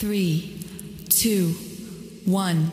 three, two, one.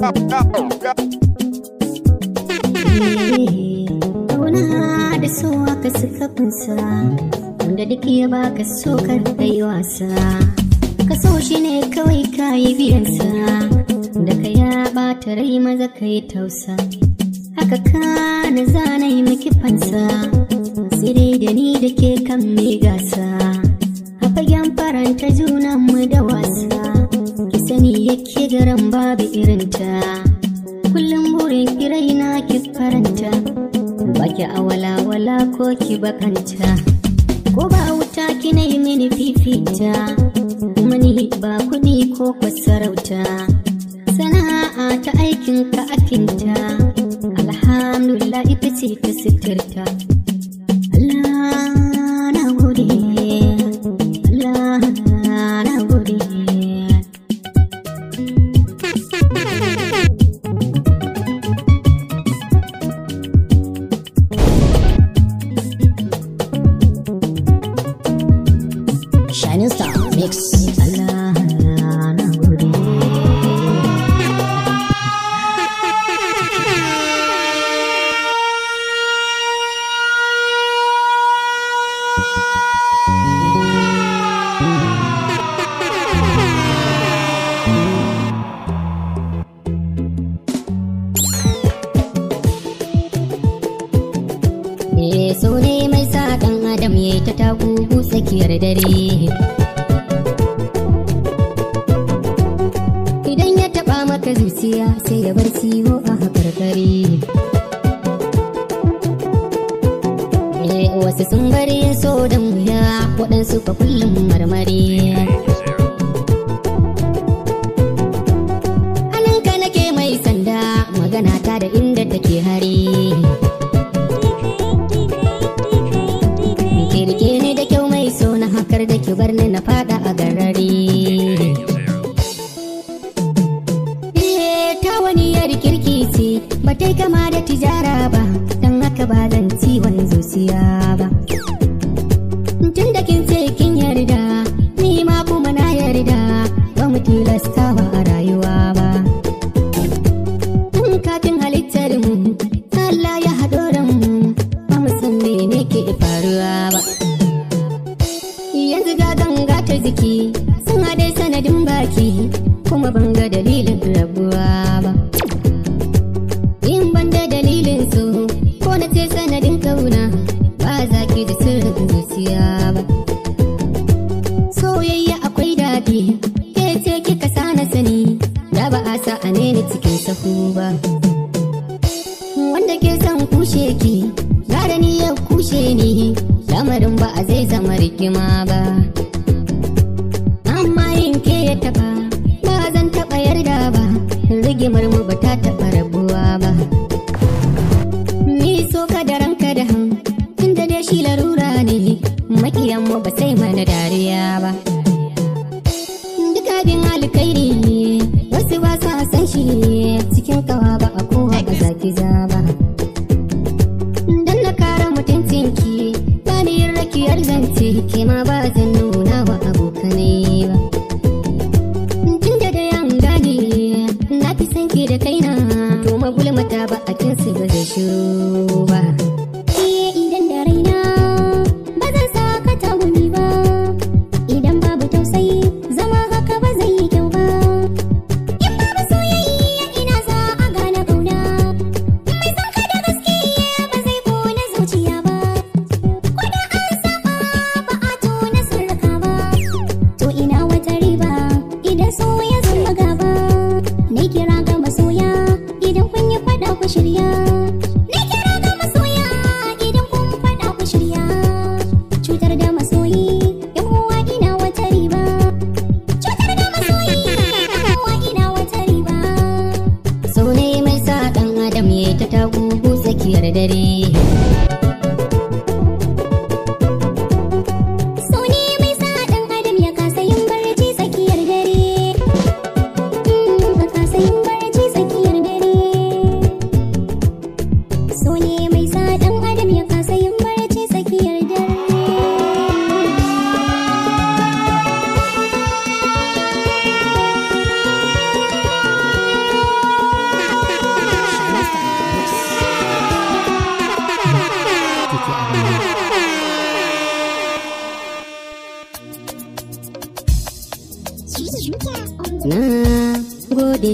Kauna da so aka suka funsa, wanda duk ya baka so ka kai wasa. Ka so shi ne kawai ka yi biyansa, da ka ya ta rai maza ka yi tausa. Haka ka na zana yi miki fansa, da ni da ke kan mai gasa. A fagen faranta junanmu yake garan babu irinta kullum burin na ki faranta baki a ko ki bakanta ko ba wuta ki na yi mini fifita kuma ni ba kuɗi ko ku sarauta sana'a ta aikin ka akinta alhamdulillah ita ce ta sitirta kar da ki bar ni na fada a garari eh, ta wani yar kirki ce ba ta kama da tijara ba gaskiya ba soyayya akwai daɗi ke ce kika sa na sani da ba a sa a nene cikin sahu ba wanda ke son kushe ki gara ni ya kushe ni lamarin ba a zai zama rigima ba amma yin ke ya taba ba zan taɓa yarda ba rigimar mu ba ta taba quemaba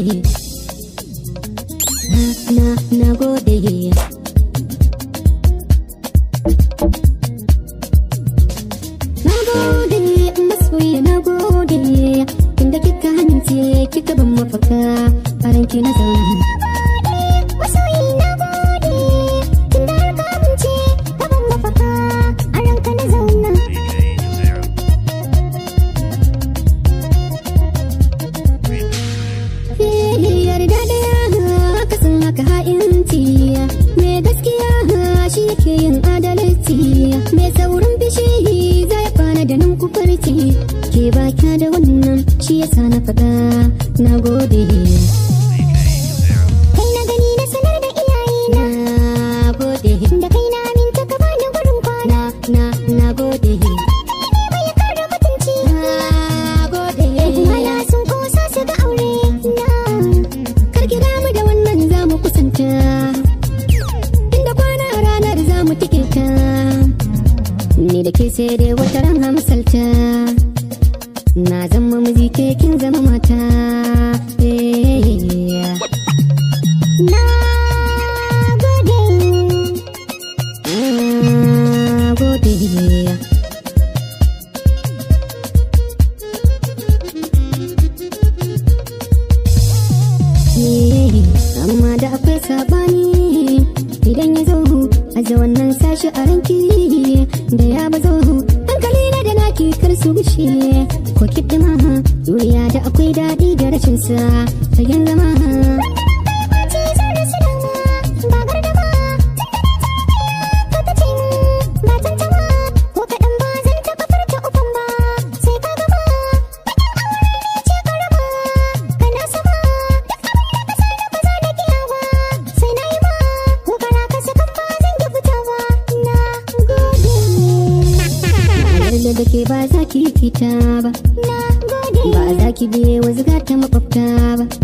baby. shi yasa na faɗa na gode yeah. gata makwabta ba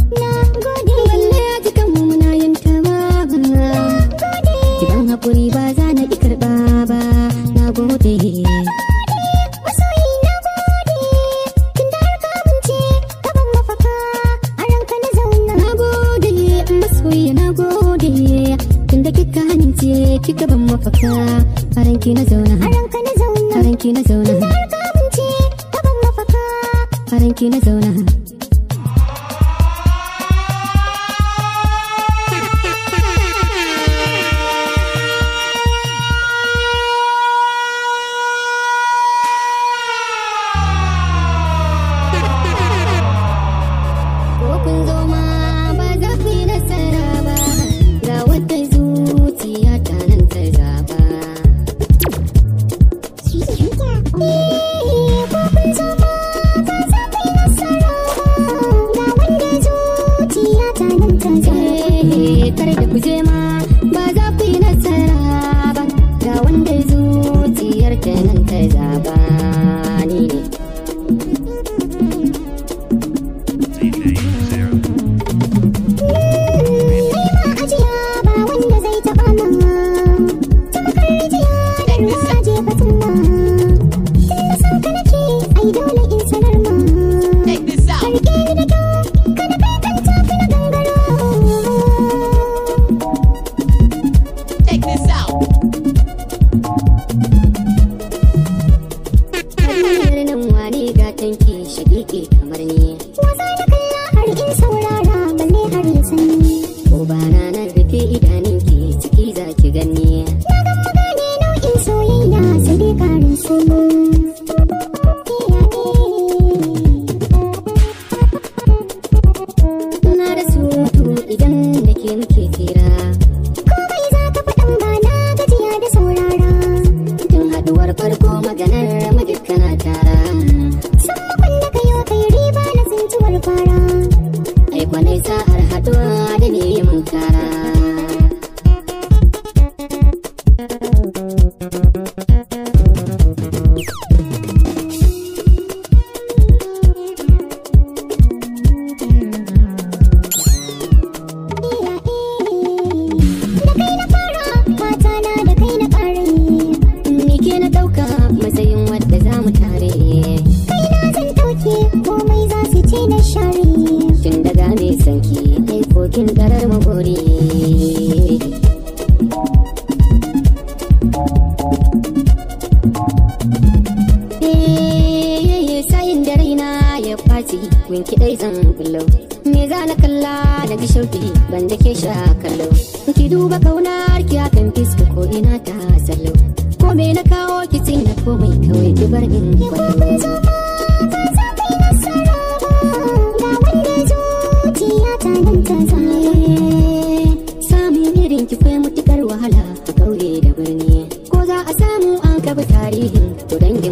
bi tarihi ku dangin ku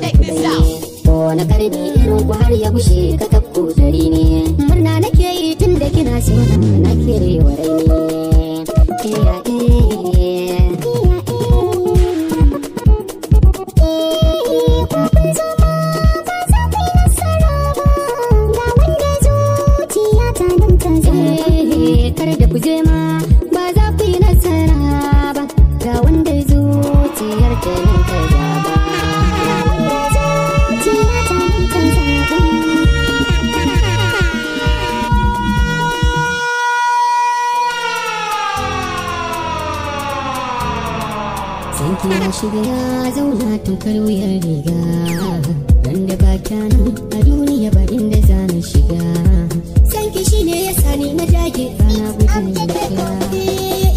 karni irin ku har ya bushe ka tabku zari murna nake yi tun da kina sona nake wa Sanki na shiga ya zauna tukar wuyar riga Ran da ba nan a duniya ba inda za na shiga Sanki shi ne ya sani na dage rana gudun da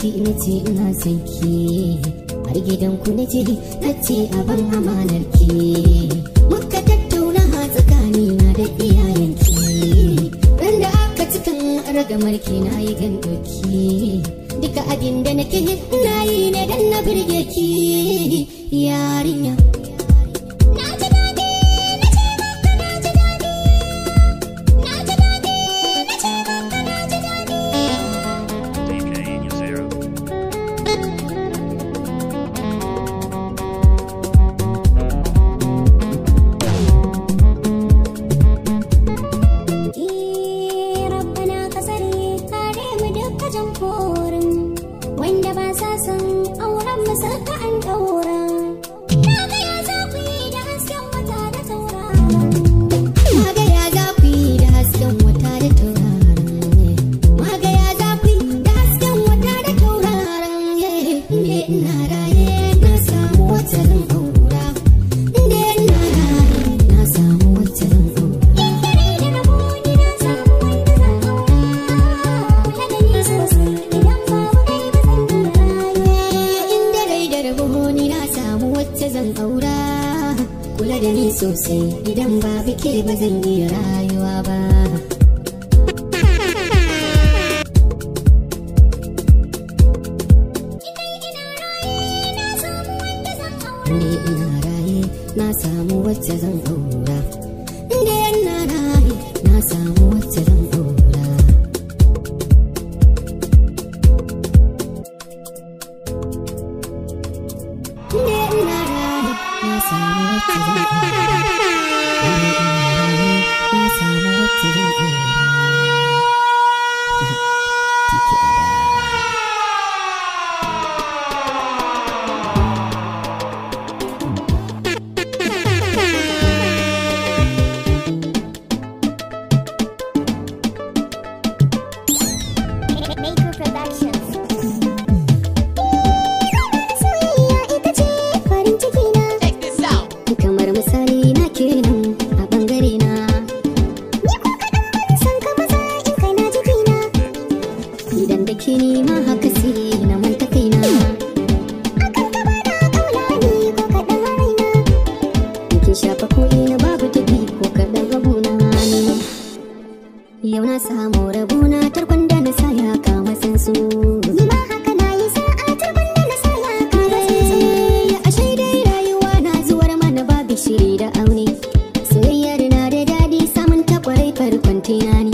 ki na ce ina son ki har gidan ku na je na ce a ban amanar ki muka tattauna ha tsakani na da iyayen ki ran da aka cikin ragamar ki na yi gando ki duka abin da nake na yi ne dan na birge ki yarinya Santa rayuwa ba Ina raye na samu wacce zan aura da aure soyayyar na da daɗi samun takwarai farkon tunani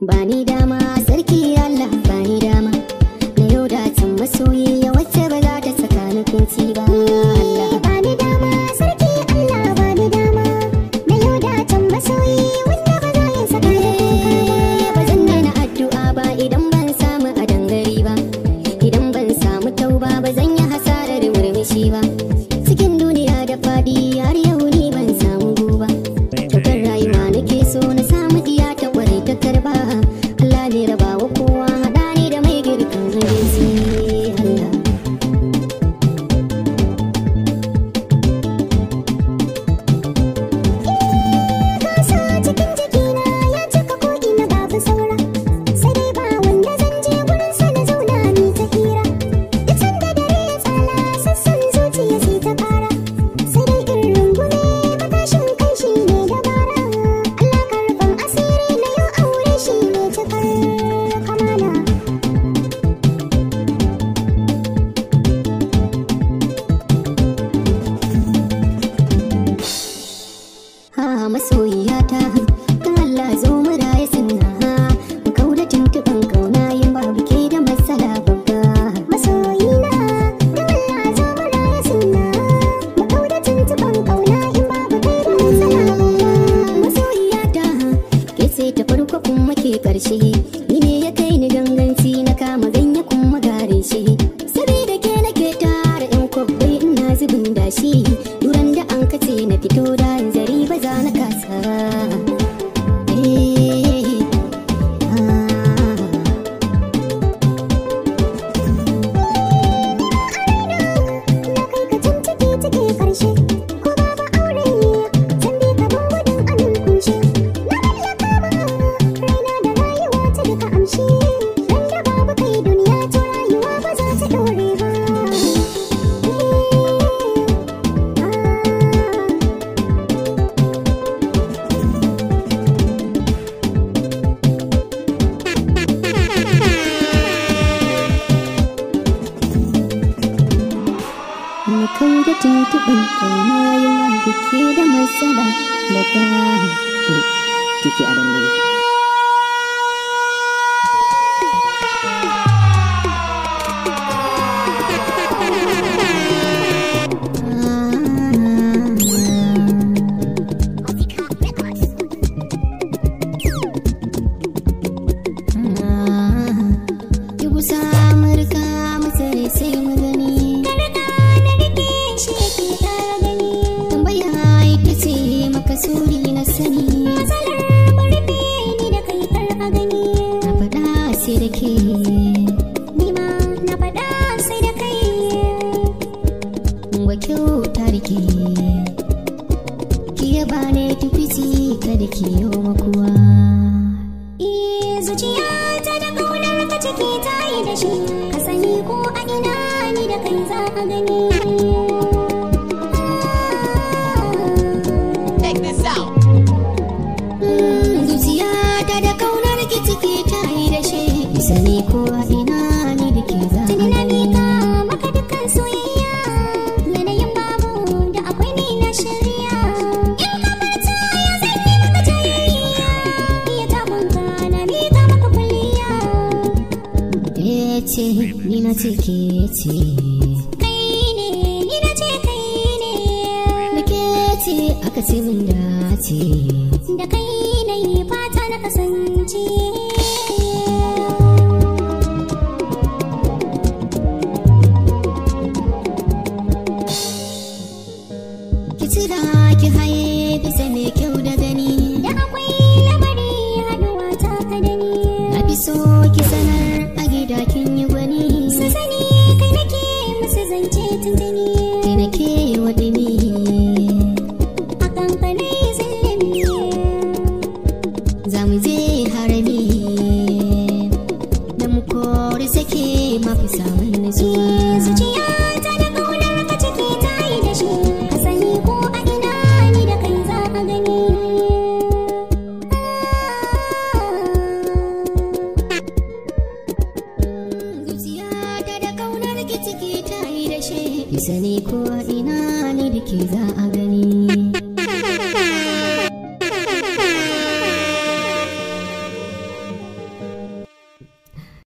bani dama sarki Allah bani dama aqui.